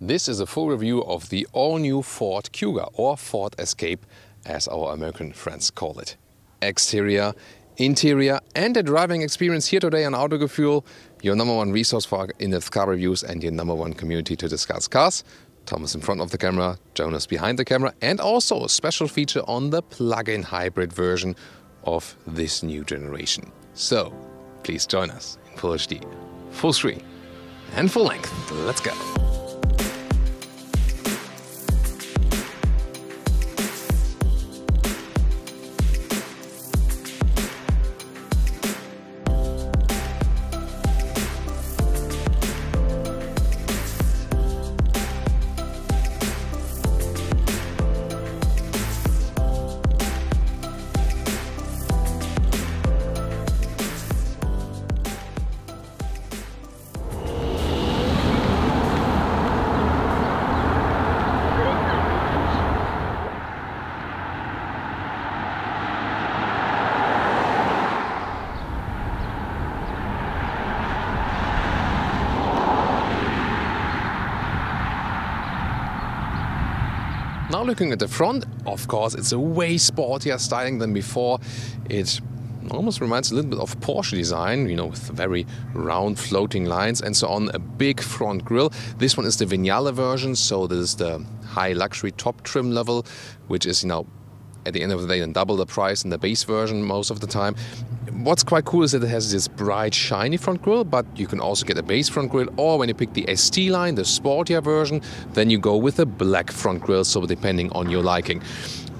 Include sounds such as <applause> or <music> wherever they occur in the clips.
This is a full review of the all-new Ford Kuga or Ford Escape as our American friends call it. Exterior, interior and a driving experience here today on Autogefühl, your number one resource for in-depth car reviews and your number one community to discuss cars. Thomas in front of the camera, Jonas behind the camera and also a special feature on the plug-in hybrid version of this new generation. So, please join us in Full HD, full screen and full length. Let's go. Now looking at the front, of course, it's a way sportier styling than before. It almost reminds a little bit of Porsche design, you know, with very round floating lines and so on. A big front grille. This one is the Vignale version, so this is the high luxury top trim level, which is, you know, at the end of the day, then double the price in the base version most of the time. What's quite cool is that it has this bright, shiny front grille, but you can also get a base front grille, or when you pick the ST line, the sportier version, then you go with a black front grille, so depending on your liking.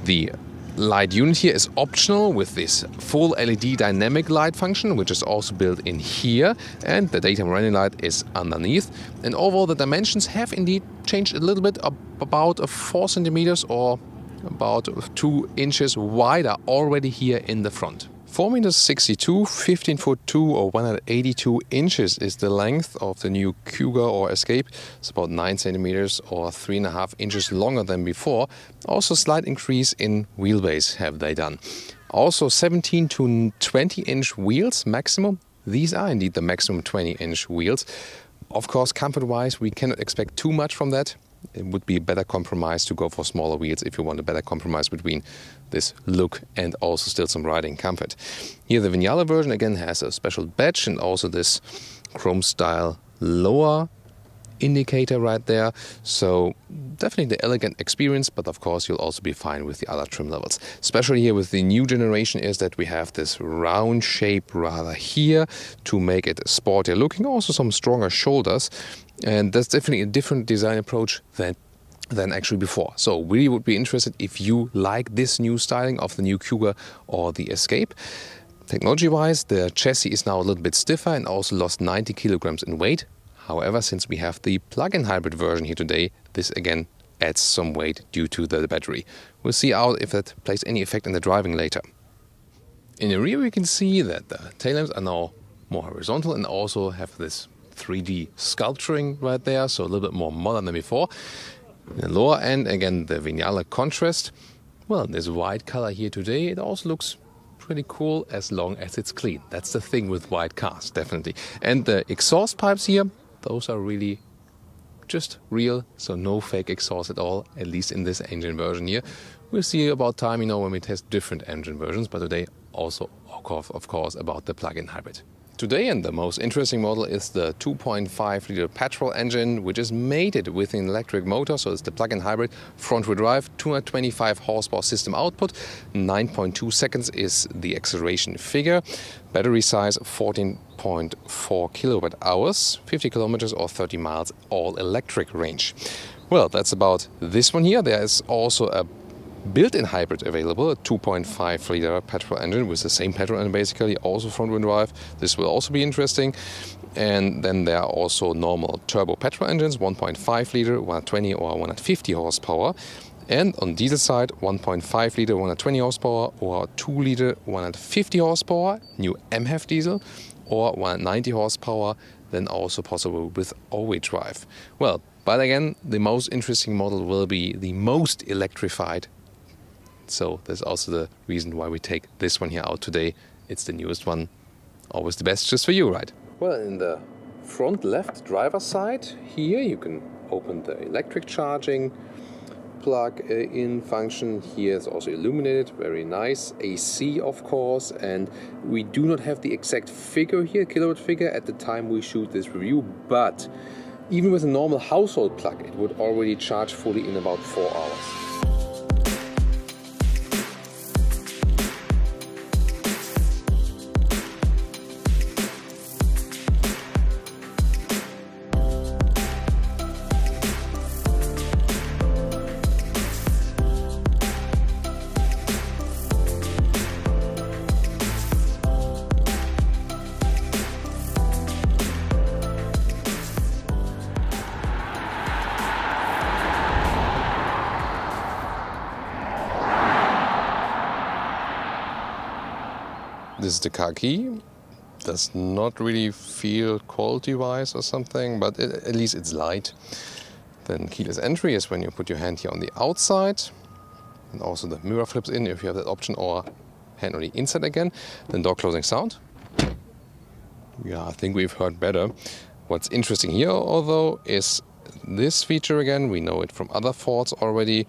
The light unit here is optional with this full LED dynamic light function, which is also built in here, and the daytime running light is underneath. And overall, the dimensions have indeed changed a little bit, about four centimeters or about two inches wider already here in the front. 4 meters 62, 15 foot 2 or 182 inches is the length of the new Cougar or Escape. It's about 9 centimeters or 3.5 inches longer than before. Also slight increase in wheelbase have they done. Also 17 to 20 inch wheels maximum. These are indeed the maximum 20 inch wheels. Of course, comfort wise, we cannot expect too much from that it would be a better compromise to go for smaller wheels if you want a better compromise between this look and also still some riding comfort. Here the Vignale version again has a special badge and also this chrome style lower indicator right there. So definitely the elegant experience, but of course you'll also be fine with the other trim levels. Especially here with the new generation is that we have this round shape rather here to make it sportier looking, also some stronger shoulders. And that's definitely a different design approach than than actually before. So we would be interested if you like this new styling of the new Cougar or the Escape. Technology-wise, the chassis is now a little bit stiffer and also lost 90 kilograms in weight. However, since we have the plug-in hybrid version here today, this again adds some weight due to the battery. We'll see out if that plays any effect in the driving later. In the rear we can see that the tail lamps are now more horizontal and also have this 3D sculpturing right there, so a little bit more modern than before. In the lower end, again, the Vignale contrast. Well, this white color here today. It also looks pretty cool as long as it's clean. That's the thing with white cars, definitely. And the exhaust pipes here, those are really just real, so no fake exhaust at all, at least in this engine version here. We'll see about time, you know, when we test different engine versions, but today also, of course, about the plug-in hybrid. Today, and the most interesting model is the 2.5 liter petrol engine, which is mated with an electric motor, so it's the plug-in hybrid front-wheel drive, 225 horsepower system output, 9.2 seconds is the acceleration figure, battery size 14.4 kilowatt hours, 50 kilometers or 30 miles all electric range. Well, that's about this one here. There is also a built-in hybrid available, a 2.5 liter petrol engine with the same petrol engine basically, also front-wheel drive. This will also be interesting. And then there are also normal turbo petrol engines, 1.5 liter, 120 or 150 horsepower. And on diesel side, 1.5 liter 120 horsepower or 2 liter 150 horsepower, new MHEV diesel, or 190 horsepower, then also possible with all-wheel drive. Well, but again, the most interesting model will be the most electrified so there's also the reason why we take this one here out today. It's the newest one, always the best just for you, right? Well, in the front left driver side here, you can open the electric charging plug-in uh, function. Here is also illuminated, very nice. AC, of course, and we do not have the exact figure here, kilowatt figure, at the time we shoot this review, but even with a normal household plug, it would already charge fully in about four hours. is the khaki. Does not really feel quality-wise or something, but it, at least it's light. Then keyless entry is when you put your hand here on the outside. And also the mirror flips in if you have that option or hand on the inside again. Then door closing sound. Yeah, I think we've heard better. What's interesting here, although, is this feature again. We know it from other Fords already.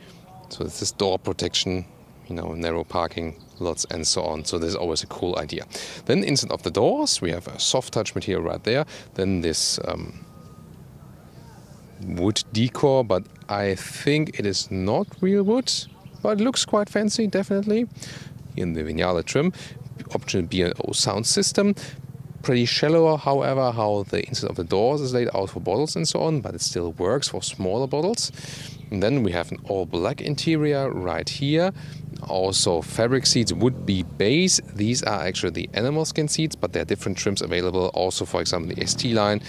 So this is door protection you know, narrow parking lots and so on. So there's always a cool idea. Then inside of the doors, we have a soft touch material right there. Then this um, wood decor, but I think it is not real wood, but it looks quite fancy, definitely. In the Vignale trim, optional B&O sound system. Pretty shallow, however, how the inside of the doors is laid out for bottles and so on, but it still works for smaller bottles. And then we have an all black interior right here. Also, fabric seeds would be base. These are actually the animal skin seeds, but there are different trims available. Also, for example, the ST line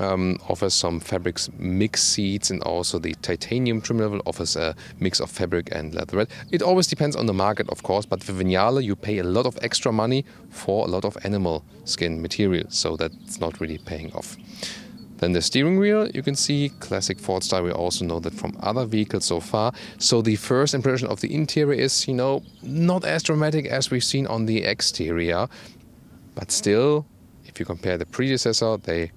um, offers some fabrics mix seeds, and also the titanium trim level offers a mix of fabric and leatherette. It always depends on the market, of course, but for Vignale, you pay a lot of extra money for a lot of animal skin material, so that's not really paying off. Then the steering wheel, you can see classic Ford style. We also know that from other vehicles so far. So the first impression of the interior is, you know, not as dramatic as we've seen on the exterior, but still, if you compare the predecessor, they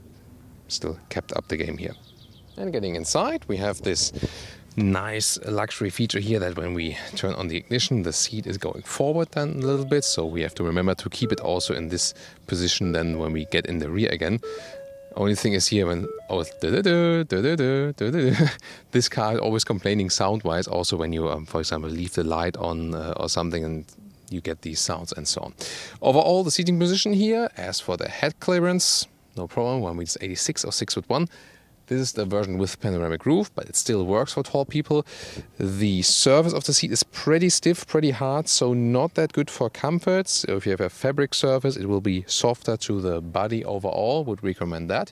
still kept up the game here. And getting inside, we have this nice luxury feature here that when we turn on the ignition, the seat is going forward then a little bit. So we have to remember to keep it also in this position then when we get in the rear again. Only thing is here when oh <laughs> this car is always complaining sound wise. Also when you um, for example leave the light on uh, or something and you get these sounds and so on. Overall the seating position here. As for the head clearance, no problem. One means 86 or six foot one. This is the version with panoramic roof, but it still works for tall people. The surface of the seat is pretty stiff, pretty hard, so not that good for comfort. So if you have a fabric surface, it will be softer to the body overall, would recommend that.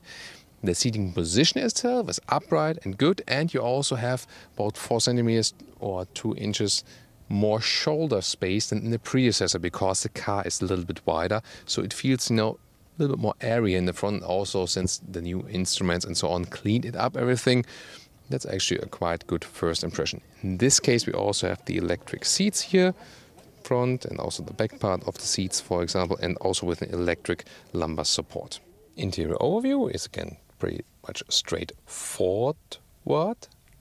The seating position itself is upright and good, and you also have about 4 centimeters or 2 inches more shoulder space than in the predecessor because the car is a little bit wider, so it feels, you know, a little bit more area in the front also since the new instruments and so on cleaned it up everything. That's actually a quite good first impression. In this case we also have the electric seats here front and also the back part of the seats for example and also with an electric lumbar support. Interior overview is again pretty much straightforward.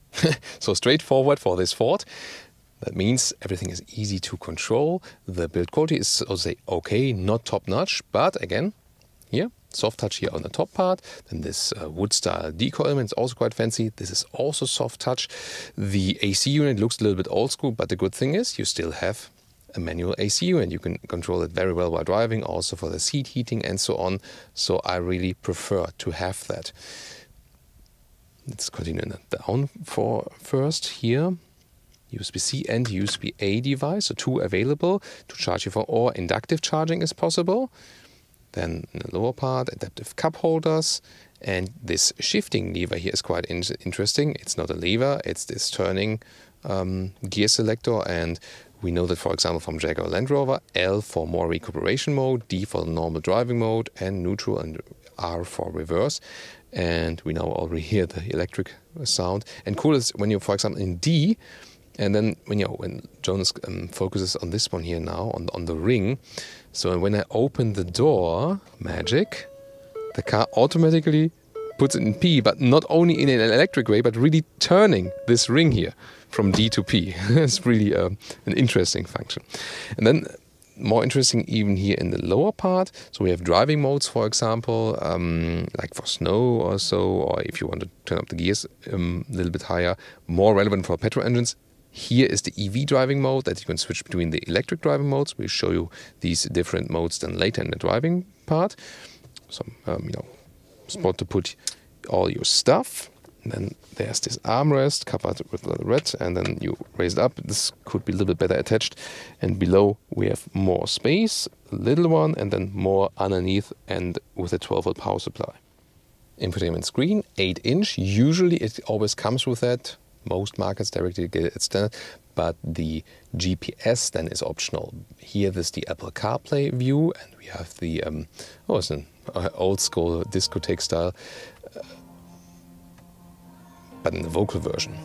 <laughs> so straightforward for this Ford. That means everything is easy to control. The build quality is, so to say, okay, not top notch, but again, soft touch here on the top part. Then this uh, wood style deco element is also quite fancy. This is also soft touch. The AC unit looks a little bit old school, but the good thing is you still have a manual AC unit. You can control it very well while driving, also for the seat heating and so on. So I really prefer to have that. Let's continue down for first here. USB-C and USB-A device, so two available to charge you for, or inductive charging is possible. Then the lower part, adaptive cup holders. And this shifting lever here is quite in interesting. It's not a lever, it's this turning um, gear selector. And we know that, for example, from Jaguar Land Rover, L for more recuperation mode, D for normal driving mode, and neutral and R for reverse. And we now already hear the electric sound. And cool is when you're, for example, in D, and then when you when Jonas um, focuses on this one here now on on the ring, so when I open the door, magic, the car automatically puts it in P, but not only in an electric way, but really turning this ring here from D to P. <laughs> it's really um, an interesting function. And then more interesting even here in the lower part. So we have driving modes, for example, um, like for snow or so, or if you want to turn up the gears um, a little bit higher, more relevant for petrol engines, here is the EV driving mode that you can switch between the electric driving modes. We'll show you these different modes then later in the driving part. Some, um, you know, spot to put all your stuff. And then there's this armrest covered with red, and then you raise it up. This could be a little bit better attached. And below we have more space, a little one, and then more underneath, and with a 12 volt power supply. Infotainment screen, 8 inch. Usually it always comes with that most markets directly get it standard, but the GPS then is optional. Here is the Apple CarPlay view, and we have the um, oh, it's an uh, old school discotheque style, uh, but in the vocal version.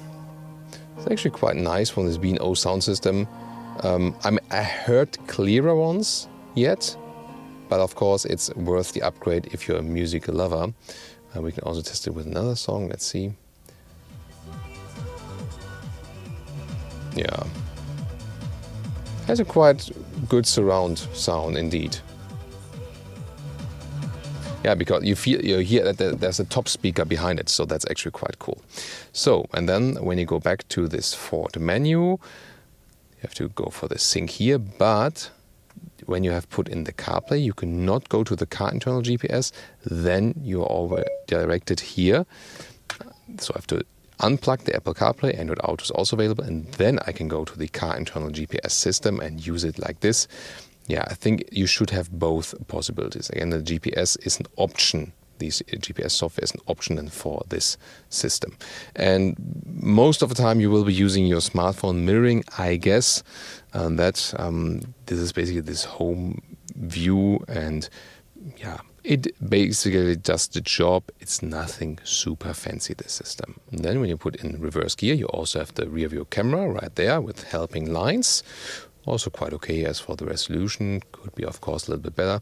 It's actually quite nice from this B&O sound system. Um, I, mean, I heard clearer ones yet, but of course it's worth the upgrade if you're a music lover. Uh, we can also test it with another song. Let's see. Yeah. Has a quite good surround sound indeed. Yeah, because you feel you hear that there's a top speaker behind it, so that's actually quite cool. So, and then when you go back to this Ford menu, you have to go for the sync here, but when you have put in the CarPlay, you cannot go to the car internal GPS, then you're over directed here. So I have to unplug the Apple CarPlay, Android Auto is also available, and then I can go to the car internal GPS system and use it like this. Yeah, I think you should have both possibilities. Again, the GPS is an option these uh, GPS software is an option for this system. And most of the time, you will be using your smartphone mirroring, I guess. And that um, this is basically this home view and yeah, it basically does the job. It's nothing super fancy, this system. And then when you put in reverse gear, you also have the rear view camera right there with helping lines. Also quite okay as for the resolution, could be of course a little bit better.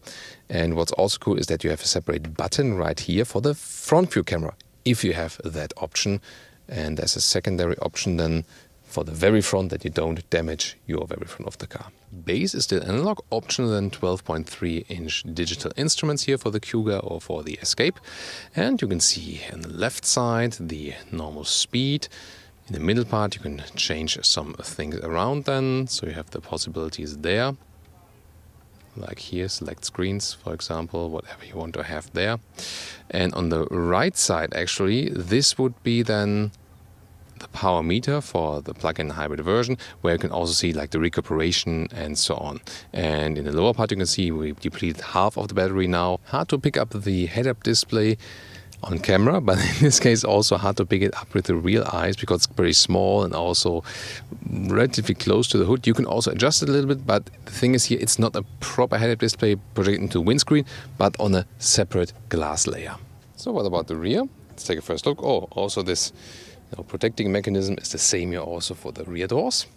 And what's also cool is that you have a separate button right here for the front view camera, if you have that option. And as a secondary option then for the very front that you don't damage your very front of the car. Bass is still analog, optional than 12.3 inch digital instruments here for the Cougar or for the Escape. And you can see on the left side the normal speed. In the middle part you can change some things around then, so you have the possibilities there. Like here, select screens, for example, whatever you want to have there. And on the right side, actually, this would be then the power meter for the plug-in hybrid version, where you can also see like the recuperation and so on. And in the lower part, you can see we depleted half of the battery now. Hard to pick up the head-up display on camera, <laughs> but in this case also hard to pick it up with the real eyes because it's very small and also relatively close to the hood. You can also adjust it a little bit, but the thing is here it's not a proper head-up display projected into windscreen, but on a separate glass layer. So what about the rear? Let's take a first look. Oh, also this now protecting mechanism is the same here also for the rear doors.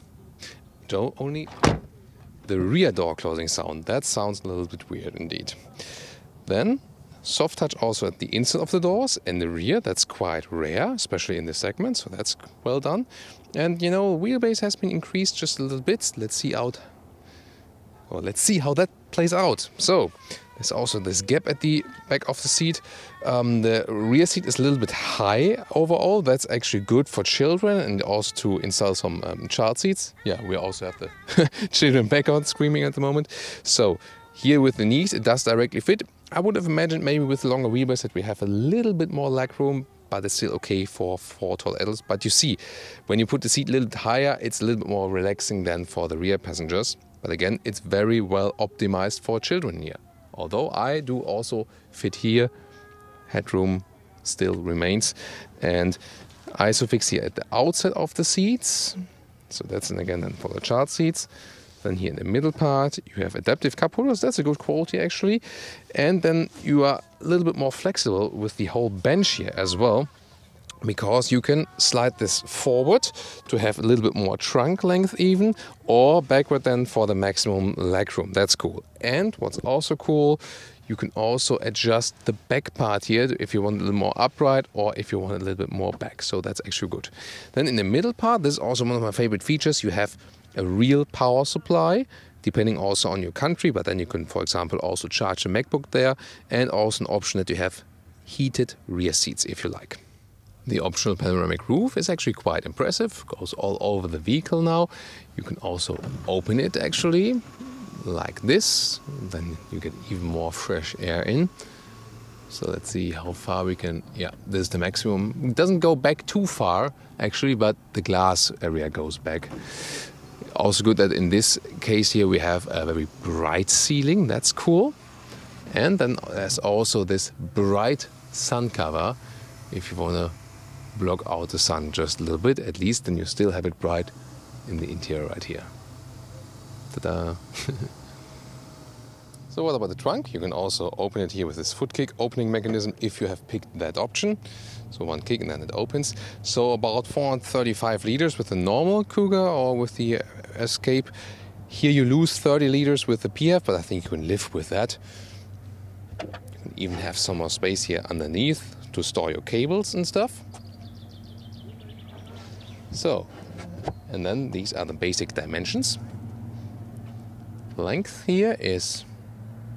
Though only the rear door closing sound. That sounds a little bit weird indeed. Then soft touch also at the inside of the doors and the rear. That's quite rare, especially in this segment. So that's well done. And you know, wheelbase has been increased just a little bit. Let's see out. Well, let's see how that plays out. So there's also this gap at the back of the seat. Um, the rear seat is a little bit high overall. That's actually good for children and also to install some um, child seats. Yeah, we also have the <laughs> children back on screaming at the moment. So here with the knees, it does directly fit. I would have imagined maybe with longer wheelbase that we have a little bit more leg room, but it's still okay for four tall adults. But you see, when you put the seat a little bit higher, it's a little bit more relaxing than for the rear passengers. But again, it's very well optimized for children here although I do also fit here, headroom still remains. And isofix here at the outset of the seats. So that's again then for the child seats. Then here in the middle part, you have adaptive cup holders. That's a good quality actually. And then you are a little bit more flexible with the whole bench here as well because you can slide this forward to have a little bit more trunk length even or backward then for the maximum leg room. That's cool. And what's also cool, you can also adjust the back part here if you want a little more upright or if you want a little bit more back. So that's actually good. Then in the middle part, this is also one of my favorite features. You have a real power supply depending also on your country, but then you can, for example, also charge a MacBook there and also an option that you have heated rear seats if you like. The optional panoramic roof is actually quite impressive, goes all over the vehicle now. You can also open it actually, like this, then you get even more fresh air in. So let's see how far we can, yeah, this is the maximum. It doesn't go back too far actually, but the glass area goes back. Also good that in this case here we have a very bright ceiling, that's cool. And then there's also this bright sun cover if you want to block out the sun just a little bit at least, then you still have it bright in the interior right here. Ta-da! <laughs> so what about the trunk? You can also open it here with this foot kick opening mechanism if you have picked that option. So one kick and then it opens. So about 435 liters with the normal Cougar or with the Escape. Here you lose 30 liters with the PF, but I think you can live with that. You can even have some more space here underneath to store your cables and stuff. So, and then these are the basic dimensions. Length here is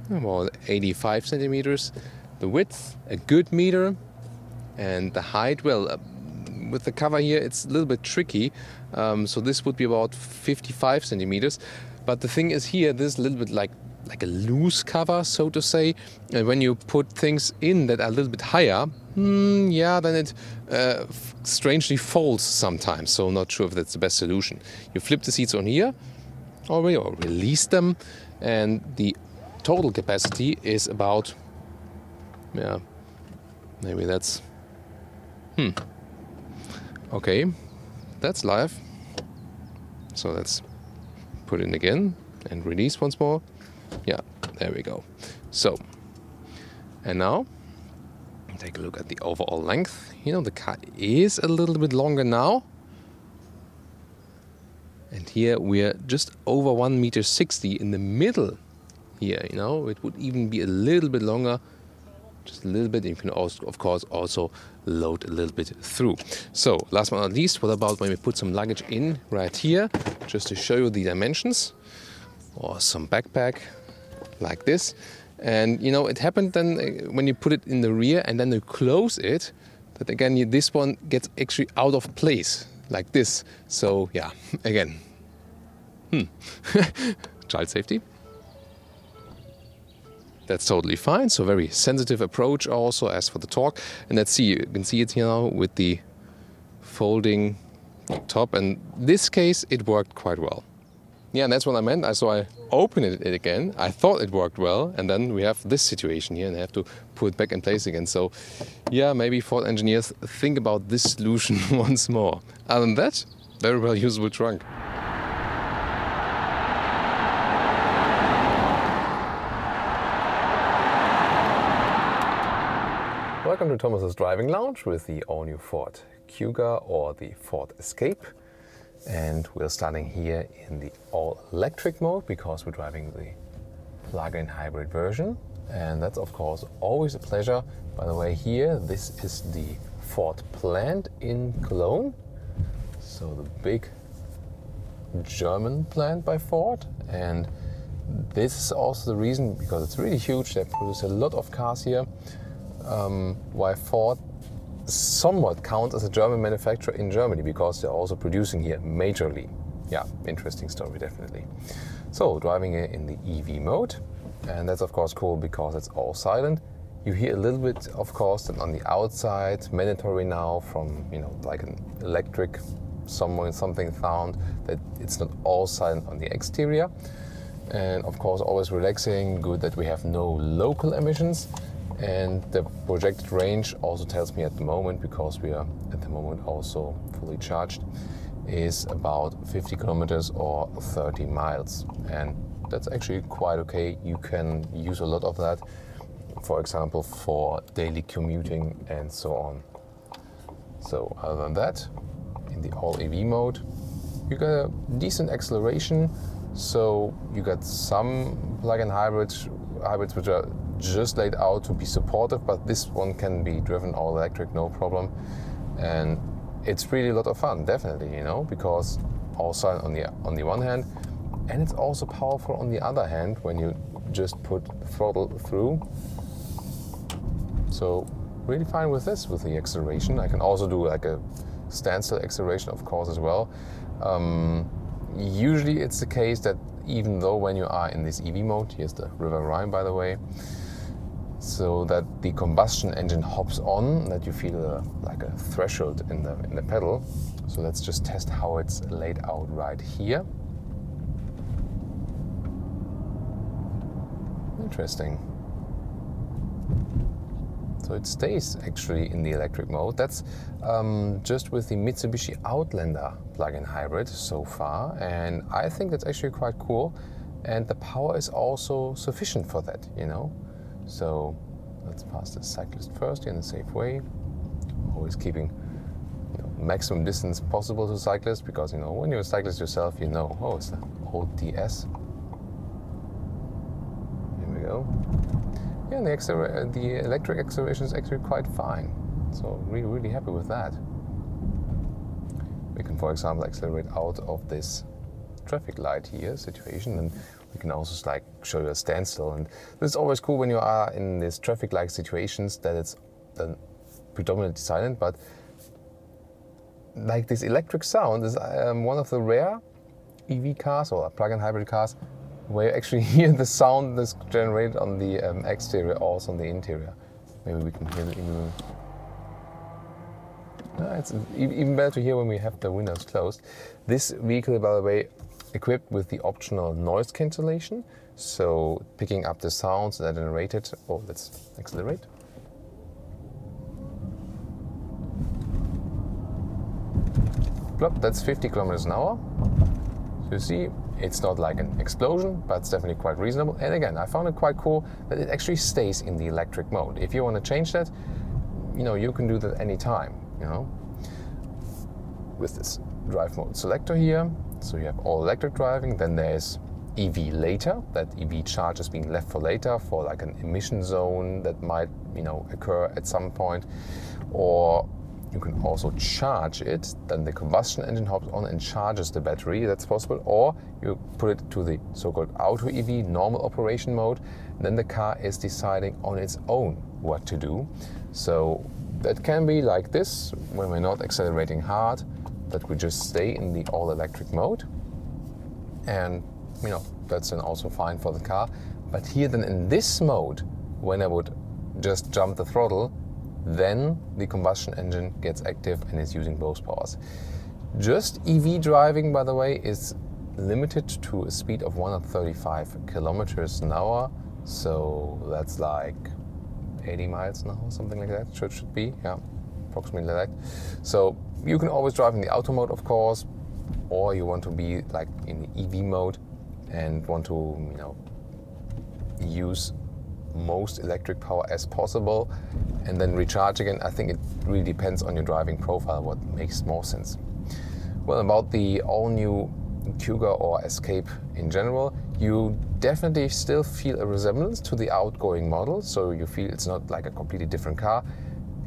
about 85 centimeters. The width, a good meter. And the height, well, uh, with the cover here, it's a little bit tricky. Um, so this would be about 55 centimeters. But the thing is here, this is a little bit like like a loose cover, so to say. And when you put things in that are a little bit higher, mm, yeah, then it uh, strangely folds sometimes. So I'm not sure if that's the best solution. You flip the seats on here, or, or release them, and the total capacity is about, yeah, maybe that's, hmm, okay, that's live. So let's put in again and release once more. There we go. So, and now take a look at the overall length. You know, the car is a little bit longer now. And here we're just over 1 meter 60 in the middle here, you know. It would even be a little bit longer, just a little bit. You can, also, of course, also load a little bit through. So, last but not least, what about when we put some luggage in right here, just to show you the dimensions, or some backpack, like this. And you know, it happened then uh, when you put it in the rear and then you close it, that again, you, this one gets actually out of place like this. So yeah, <laughs> again, hmm, <laughs> child safety. That's totally fine. So very sensitive approach also as for the torque. And let's see, you can see it here now with the folding top. And this case, it worked quite well. Yeah, and that's what I meant. I, so I open it again. I thought it worked well, and then we have this situation here, and I have to put it back in place again. So, yeah, maybe Ford engineers think about this solution <laughs> once more. Other than that, very well usable trunk. Welcome to Thomas's Driving Lounge with the all-new Ford Cougar or the Ford Escape. And we're starting here in the all electric mode because we're driving the plug-in hybrid version. And that's of course always a pleasure. By the way, here, this is the Ford plant in Cologne. So the big German plant by Ford. And this is also the reason, because it's really huge, they produce a lot of cars here, um, why Ford somewhat counts as a German manufacturer in Germany because they're also producing here majorly. Yeah, interesting story, definitely. So, driving it in the EV mode, and that's of course cool because it's all silent. You hear a little bit, of course, that on the outside, mandatory now from, you know, like an electric somewhere something found that it's not all silent on the exterior. And of course, always relaxing, good that we have no local emissions. And the projected range also tells me at the moment, because we are at the moment also fully charged, is about 50 kilometers or 30 miles. And that's actually quite okay. You can use a lot of that, for example, for daily commuting and so on. So, other than that, in the all EV mode, you get a decent acceleration. So, you got some plug in hybrids, hybrids which are just laid out to be supportive, but this one can be driven all electric, no problem. And it's really a lot of fun, definitely, you know, because also on the on the one hand, and it's also powerful on the other hand when you just put throttle through. So really fine with this with the acceleration. I can also do like a standstill acceleration, of course, as well. Um, usually, it's the case that even though when you are in this EV mode, here's the River Rhine, by the way so that the combustion engine hops on, that you feel a, like a threshold in the, in the pedal. So let's just test how it's laid out right here. Interesting. So it stays actually in the electric mode. That's um, just with the Mitsubishi Outlander plug-in hybrid so far. And I think that's actually quite cool. And the power is also sufficient for that, you know? So let's pass the cyclist first in a safe way. Always keeping you know, maximum distance possible to cyclists because you know when you're a cyclist yourself, you know oh it's the old DS. Here we go. Yeah, and the, uh, the electric acceleration is actually quite fine. So really, really happy with that. We can, for example, accelerate out of this traffic light here situation and you can also like show you a standstill. And it's always cool when you are in these traffic like situations that it's predominantly silent, but like this electric sound is um, one of the rare EV cars or plug-in hybrid cars where you actually <laughs> hear the sound that's generated on the um, exterior also on the interior. Maybe we can hear it even. No, it's even better to hear when we have the windows closed. This vehicle, by the way, equipped with the optional noise cancellation, so picking up the sounds that are generated. Oh, let's accelerate. Plop, that's 50 kilometers an hour. So you see, it's not like an explosion, but it's definitely quite reasonable. And again, I found it quite cool that it actually stays in the electric mode. If you want to change that, you know, you can do that anytime, you know, with this drive mode selector here. So you have all electric driving, then there's EV later, that EV charge is being left for later for like an emission zone that might, you know, occur at some point. Or you can also charge it, then the combustion engine hops on and charges the battery, that's possible. Or you put it to the so called auto EV, normal operation mode, then the car is deciding on its own what to do. So that can be like this when we're not accelerating hard that we just stay in the all-electric mode. And, you know, that's then also fine for the car. But here then in this mode, when I would just jump the throttle, then the combustion engine gets active and is using both powers. Just EV driving, by the way, is limited to a speed of 135 kilometers an hour. So that's like 80 miles an hour, something like that. Should, should be, yeah, approximately like that. So you can always drive in the auto mode, of course, or you want to be like in EV mode and want to, you know, use most electric power as possible and then recharge again. I think it really depends on your driving profile what makes more sense. Well, about the all new Cougar or Escape in general, you definitely still feel a resemblance to the outgoing model, so you feel it's not like a completely different car.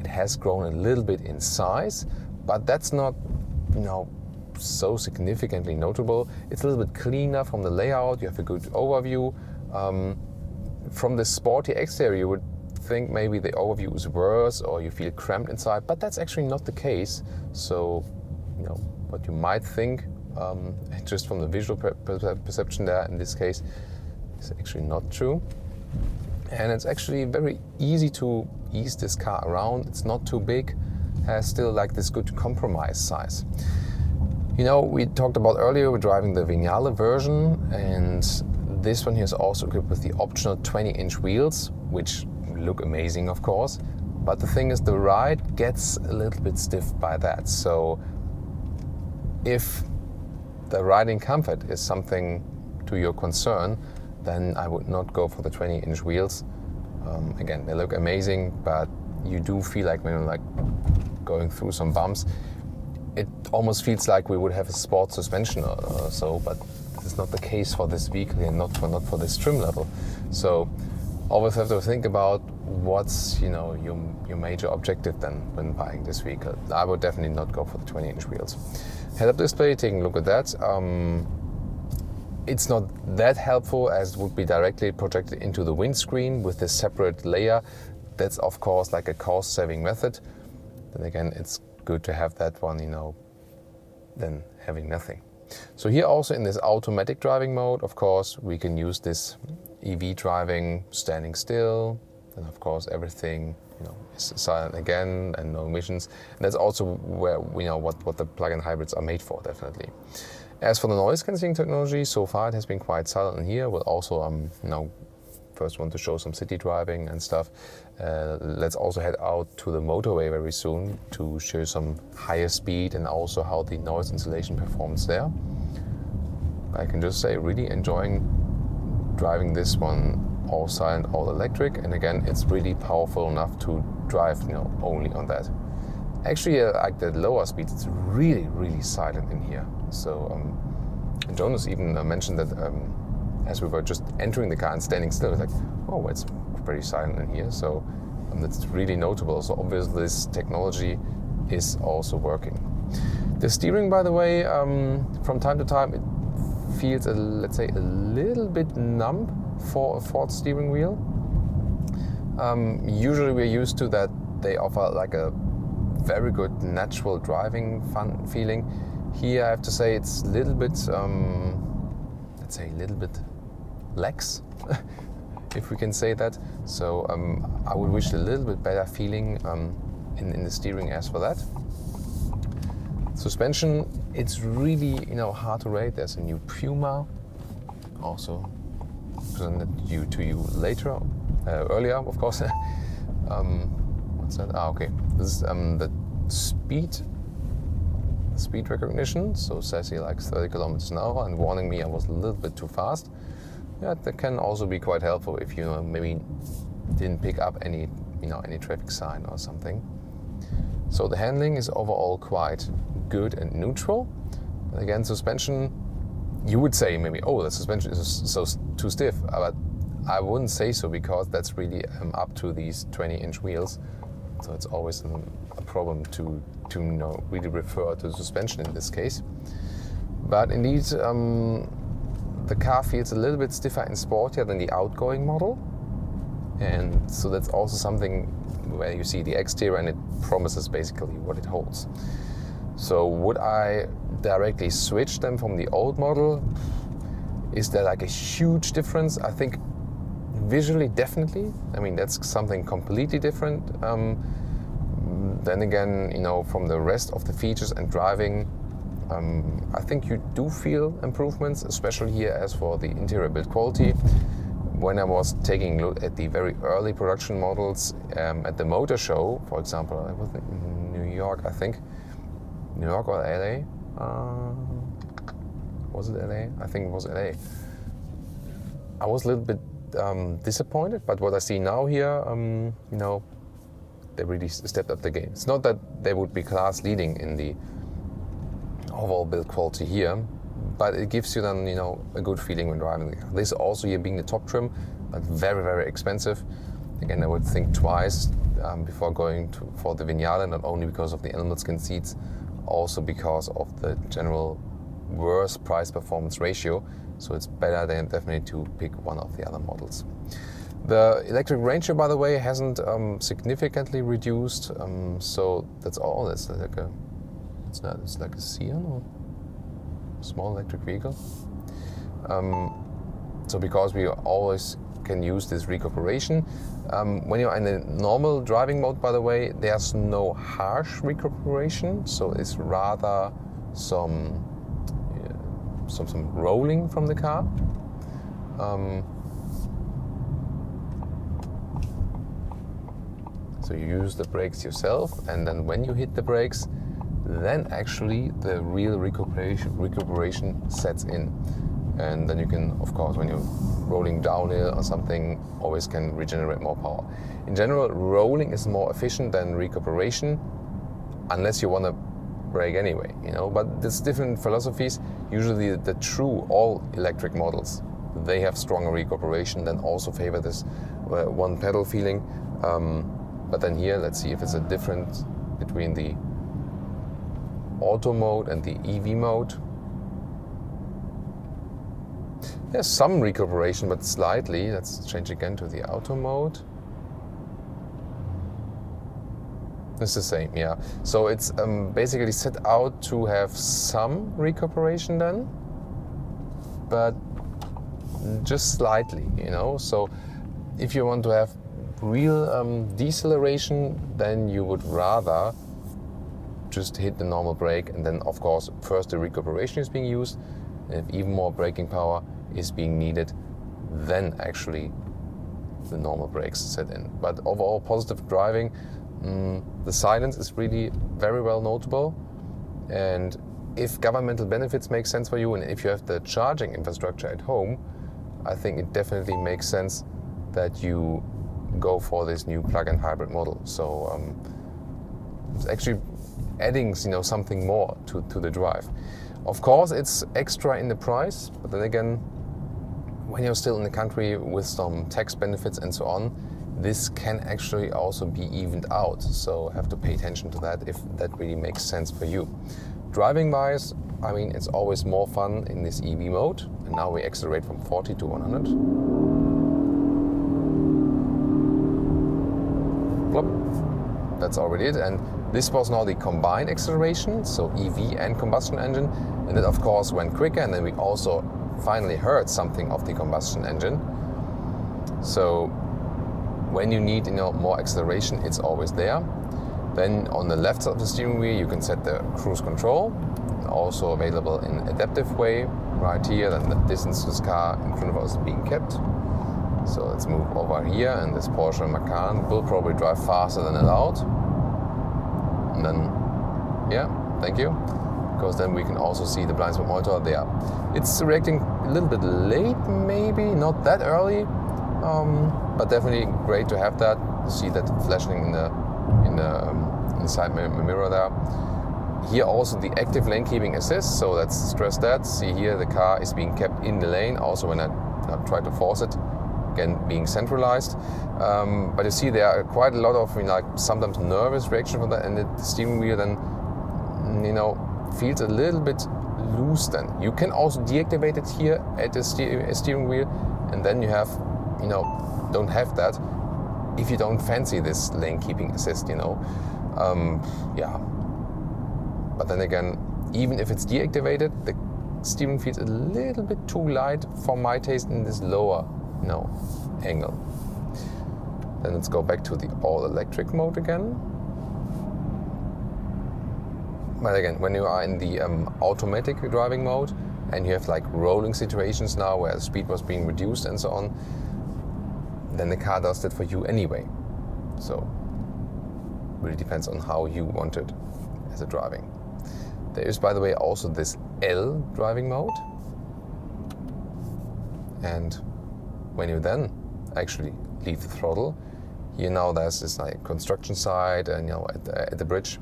It has grown a little bit in size, but that's not, you know, so significantly notable. It's a little bit cleaner from the layout. You have a good overview. Um, from the sporty exterior, you would think maybe the overview is worse or you feel cramped inside, but that's actually not the case. So, you know, what you might think, um, <laughs> just from the visual per per perception there in this case, is actually not true. And it's actually very easy to ease this car around. It's not too big has still like this good compromise size. You know, we talked about earlier, we're driving the Vignale version, and this one here is also equipped with the optional 20 inch wheels, which look amazing, of course. But the thing is, the ride gets a little bit stiff by that. So, if the riding comfort is something to your concern, then I would not go for the 20 inch wheels. Um, again, they look amazing, but you do feel like when you're like going through some bumps, it almost feels like we would have a sport suspension or, uh, or so, but it's not the case for this vehicle and not for not for this trim level. So always have to think about what's you know your your major objective then when buying this vehicle. I would definitely not go for the 20-inch wheels. Head-up display, taking a look at that. Um, it's not that helpful as it would be directly projected into the windscreen with a separate layer that's of course like a cost saving method. Then again, it's good to have that one, you know, than having nothing. So here also in this automatic driving mode, of course, we can use this EV driving standing still, and of course everything you know is silent again and no emissions. And that's also where we know what, what the plug-in hybrids are made for, definitely. As for the noise cancelling technology, so far it has been quite silent in here. We'll also um, you know first one to show some city driving and stuff. Uh, let's also head out to the motorway very soon to show some higher speed and also how the noise insulation performs there. I can just say, really enjoying driving this one all silent, all electric, and again, it's really powerful enough to drive you know, only on that. Actually, uh, like the lower speeds, it's really, really silent in here. So, um, Jonas even uh, mentioned that um, as we were just entering the car and standing still, it's like, oh, it's pretty silent in here. So um, that's really notable. So obviously this technology is also working. The steering, by the way, um, from time to time, it feels, a, let's say, a little bit numb for a Ford steering wheel. Um, usually we're used to that they offer like a very good natural driving fun feeling. Here I have to say it's a little bit, um, let's say a little bit legs, <laughs> if we can say that. So um, I would wish a little bit better feeling um, in, in the steering as for that. Suspension, it's really you know hard to rate. There's a new Puma, also presented you to you later, uh, earlier of course. <laughs> um, what's that? Ah, okay. This is um, the speed speed recognition, so says he likes 30 kilometers an hour and warning me I was a little bit too fast yeah, that can also be quite helpful if you maybe didn't pick up any, you know, any traffic sign or something. So the handling is overall quite good and neutral. again, suspension, you would say maybe, oh, the suspension is so too stiff, uh, but I wouldn't say so because that's really um, up to these 20-inch wheels. So it's always a problem to to you know, really refer to suspension in this case. But indeed, um, the car feels a little bit stiffer and sportier than the outgoing model. And so that's also something where you see the exterior and it promises basically what it holds. So would I directly switch them from the old model? Is there like a huge difference? I think visually definitely. I mean that's something completely different. Um, then again, you know, from the rest of the features and driving, um, I think you do feel improvements, especially here as for the interior build quality. When I was taking a look at the very early production models um, at the motor show, for example, I was in New York, I think, New York or LA. Uh, was it LA? I think it was LA. I was a little bit um, disappointed, but what I see now here, um, you know, they really stepped up the game. It's not that they would be class leading in the overall build quality here, but it gives you then you know a good feeling when driving the car. This also here being the top trim, but very very expensive. Again, I would think twice um, before going to, for the Vignale, not only because of the animal skin seats, also because of the general worse price performance ratio. So it's better than definitely to pick one of the other models. The electric Ranger, by the way, hasn't um, significantly reduced, um, so that's all. That's like a it's not. It's like a Sion or small electric vehicle. Um, so because we always can use this recuperation. Um, when you're in the normal driving mode, by the way, there's no harsh recuperation, so it's rather some some, some rolling from the car. Um, so you use the brakes yourself, and then when you hit the brakes, then actually the real recuperation, recuperation sets in. And then you can, of course, when you're rolling downhill or something, always can regenerate more power. In general, rolling is more efficient than recuperation, unless you want to brake anyway, you know. But there's different philosophies. Usually, the, true all-electric models they have stronger recuperation, then also favor this uh, one pedal feeling. Um, but then here, let's see if it's a difference between the auto mode and the EV mode. There's some recuperation, but slightly. Let's change again to the auto mode. It's the same, yeah. So it's um, basically set out to have some recuperation then, but just slightly, you know. So if you want to have real um, deceleration, then you would rather just hit the normal brake and then of course first the recuperation is being used and if even more braking power is being needed then actually the normal brakes set in but overall positive driving mm, the silence is really very well notable and if governmental benefits make sense for you and if you have the charging infrastructure at home i think it definitely makes sense that you go for this new plug-in hybrid model so um, it's actually adding you know something more to, to the drive. Of course, it's extra in the price, but then again, when you're still in the country with some tax benefits and so on, this can actually also be evened out. So have to pay attention to that if that really makes sense for you. Driving wise, I mean, it's always more fun in this EV mode. And now we accelerate from 40 to 100. Plop. That's already it. And this was now the combined acceleration, so EV and combustion engine, and it of course went quicker. And then we also finally heard something of the combustion engine. So when you need you know more acceleration, it's always there. Then on the left side of the steering wheel, you can set the cruise control, also available in adaptive way right here. Then the distance this car in front of us is being kept. So let's move over here, and this Porsche Macan will probably drive faster than allowed and then yeah thank you because then we can also see the blind spot monitor there it's reacting a little bit late maybe not that early um, but definitely great to have that see that flashing in the in the um, inside mirror there here also the active lane keeping assist so let's stress that see here the car is being kept in the lane also when I, I try to force it again being centralized. Um, but you see there are quite a lot of like sometimes nervous reaction from that, and the steering wheel then you know feels a little bit loose. Then you can also deactivate it here at the steer uh, steering wheel, and then you have you know don't have that if you don't fancy this lane keeping assist. You know, um, yeah. But then again, even if it's deactivated, the steering feels a little bit too light for my taste in this lower no angle. Then let's go back to the all electric mode again. But again, when you are in the um, automatic driving mode and you have like rolling situations now where speed was being reduced and so on, then the car does that for you anyway. So really depends on how you want it as a driving. There is, by the way, also this L driving mode. And when you then actually leave the throttle, you know there's this like construction site and you know at the, at the bridge,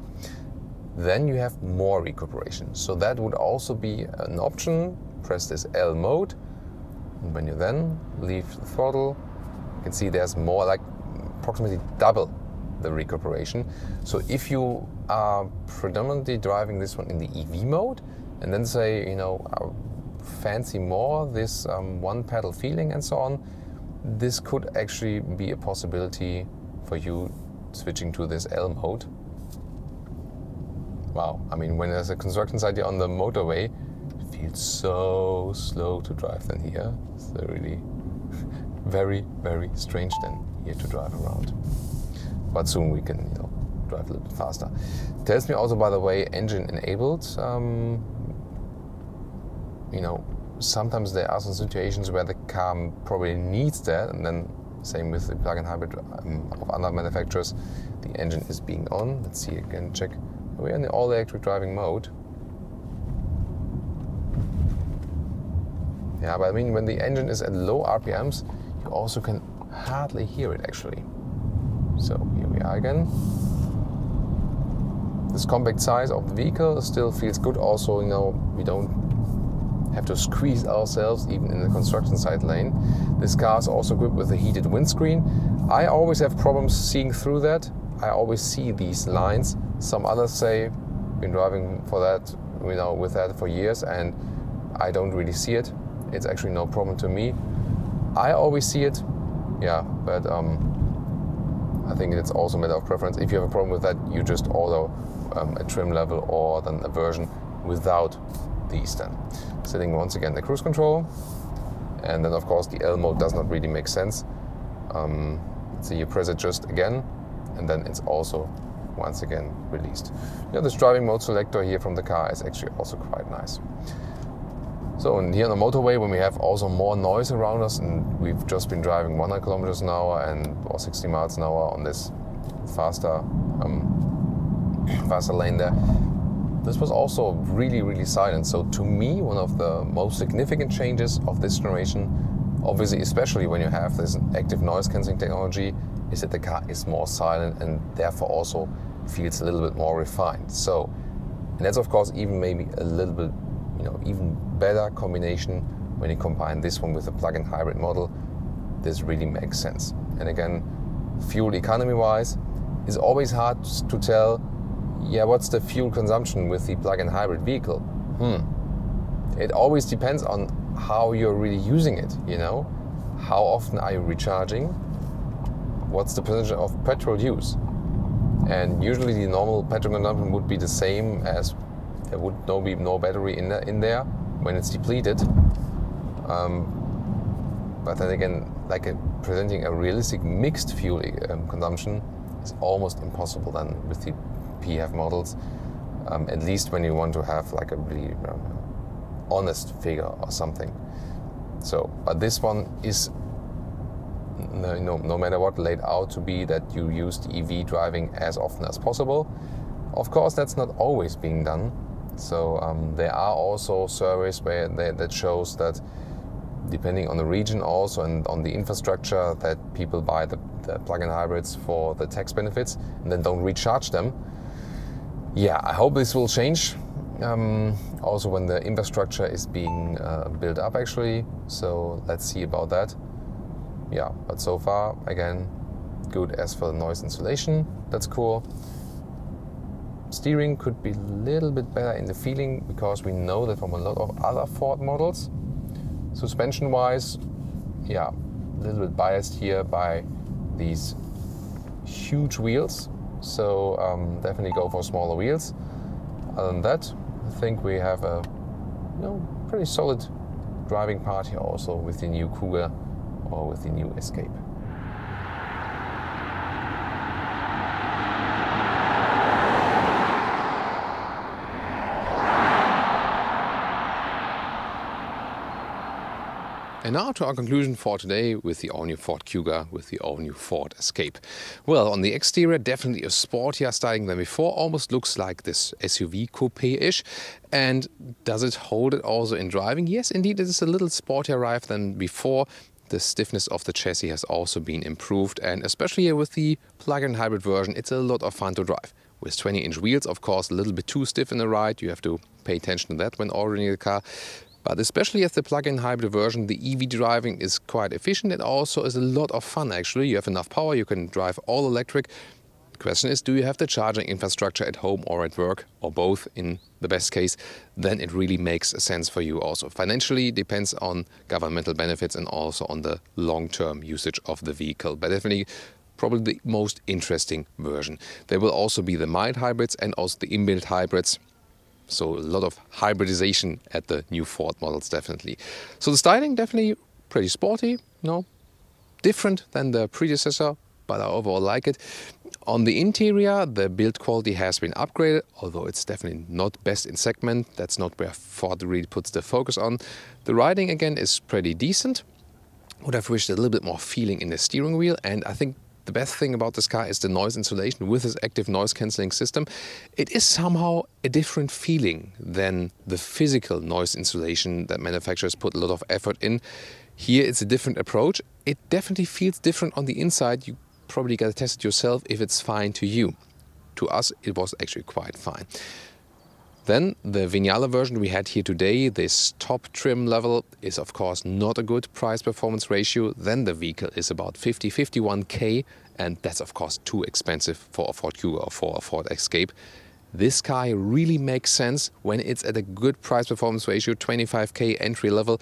then you have more recuperation. So that would also be an option. Press this L mode. And when you then leave the throttle, you can see there's more like approximately double the recuperation. So if you are predominantly driving this one in the EV mode, and then say, you know, uh, fancy more this um, one pedal feeling and so on, this could actually be a possibility for you switching to this L mode. Wow, I mean, when there's a construction site on the motorway, it feels so slow to drive than here. It's really <laughs> very, very strange than here to drive around. But soon we can, you know, drive a little bit faster. Tells me also, by the way, engine enabled. Um, you know, sometimes there are some situations where the car probably needs that, and then same with the plug-in hybrid um, of other manufacturers, the engine is being on. Let's see again, check. We're in the all-electric driving mode. Yeah, but I mean, when the engine is at low RPMs, you also can hardly hear it actually. So here we are again. This compact size of the vehicle still feels good. Also, you know, we don't have to squeeze ourselves even in the construction site lane. This car is also equipped with a heated windscreen. I always have problems seeing through that. I always see these lines. Some others say, been driving for that, you know, with that for years, and I don't really see it. It's actually no problem to me. I always see it, yeah, but um, I think it's also a matter of preference. If you have a problem with that, you just order um, a trim level or then a version without Eastern. Setting once again the cruise control. And then of course the L mode does not really make sense. Um, so you press it just again and then it's also once again released. Yeah, this driving mode selector here from the car is actually also quite nice. So and here on the motorway, when we have also more noise around us, and we've just been driving 100 kilometers an hour and or 60 miles an hour on this faster um, faster lane there, this was also really, really silent. So, to me, one of the most significant changes of this generation, obviously, especially when you have this active noise cancelling technology, is that the car is more silent and therefore also feels a little bit more refined. So, and that's of course even maybe a little bit, you know, even better combination when you combine this one with a plug-in hybrid model. This really makes sense. And again, fuel economy-wise, it's always hard to tell yeah, what's the fuel consumption with the plug-in hybrid vehicle? Hmm. It always depends on how you're really using it, you know? How often are you recharging? What's the percentage of petrol use? And usually the normal petrol consumption would be the same as there would no be no battery in, the, in there when it's depleted. Um, but then again, like a, presenting a realistic mixed fuel um, consumption is almost impossible then with the PF models, um, at least when you want to have like a really um, honest figure or something. So, but this one is no, no, no matter what laid out to be that you the EV driving as often as possible. Of course, that's not always being done. So um, there are also surveys where they, that shows that depending on the region also and on the infrastructure that people buy the, the plug-in hybrids for the tax benefits and then don't recharge them yeah, I hope this will change. Um, also, when the infrastructure is being uh, built up, actually. So let's see about that. Yeah, but so far, again, good as for the noise insulation. That's cool. Steering could be a little bit better in the feeling because we know that from a lot of other Ford models. Suspension wise, yeah, a little bit biased here by these huge wheels so um, definitely go for smaller wheels. Other than that, I think we have a you know, pretty solid driving part here also with the new Cougar or with the new Escape. And now to our conclusion for today with the all-new Ford Cougar, with the all-new Ford Escape. Well, on the exterior, definitely a sportier styling than before, almost looks like this SUV coupe-ish. And does it hold it also in driving? Yes, indeed, it is a little sportier ride than before. The stiffness of the chassis has also been improved, and especially with the plug-in hybrid version, it's a lot of fun to drive with 20 inch wheels of course a little bit too stiff in the ride you have to pay attention to that when ordering the car but especially as the plug-in hybrid version, the EV driving is quite efficient and also is a lot of fun actually. You have enough power, you can drive all electric. question is, do you have the charging infrastructure at home or at work or both in the best case? Then it really makes sense for you also. Financially depends on governmental benefits and also on the long-term usage of the vehicle. But definitely probably the most interesting version. There will also be the mild hybrids and also the inbuilt hybrids so a lot of hybridization at the new Ford models, definitely. So the styling, definitely pretty sporty, you know, different than the predecessor, but I overall like it. On the interior, the build quality has been upgraded, although it's definitely not best in segment. That's not where Ford really puts the focus on. The riding, again, is pretty decent. Would have wished a little bit more feeling in the steering wheel, and I think the best thing about this car is the noise insulation with this active noise cancelling system. It is somehow a different feeling than the physical noise insulation that manufacturers put a lot of effort in. Here it's a different approach. It definitely feels different on the inside. You probably gotta test it yourself if it's fine to you. To us, it was actually quite fine. Then the Vignale version we had here today, this top trim level is of course not a good price performance ratio. Then the vehicle is about 50, 51K and that's of course too expensive for a Ford Cougar or for a Ford Escape. This car really makes sense when it's at a good price performance ratio, 25K entry level,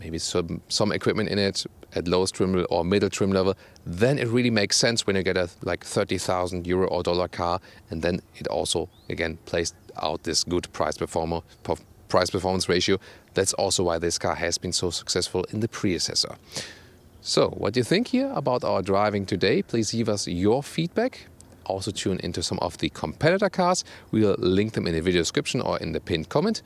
maybe some, some equipment in it at lowest trim or middle trim level, then it really makes sense when you get a like 30,000 euro or dollar car and then it also again plays out this good price performer price performance ratio. That's also why this car has been so successful in the predecessor. So, what do you think here about our driving today? Please leave us your feedback. Also tune into some of the competitor cars. We'll link them in the video description or in the pinned comment.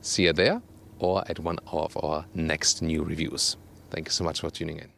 See you there or at one of our next new reviews. Thank you so much for tuning in.